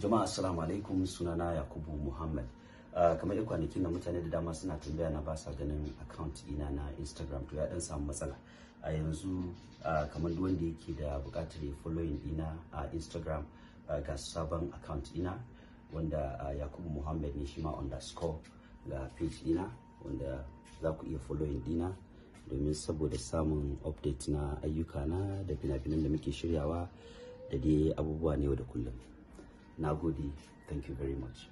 jama'a assalamu alaikum sunana yakubu muhammad ah, kamar yan kwanakin na mutane da dama suna tambaya na ba sa ganin account ina na instagram to ya dan samu matsala a yanzu ah, kamar duk wanda yake da bukatar ya following ina a instagram ah, ga sabon account ina wanda yakubu muhammad ne shi ma underscore ga page dina wanda za ku iya following dina domin saboda samun update na ayyuka na da fina-finan da muke shiryawa da dai abubuwa ne yau da kullum Nagudi. Thank you very much.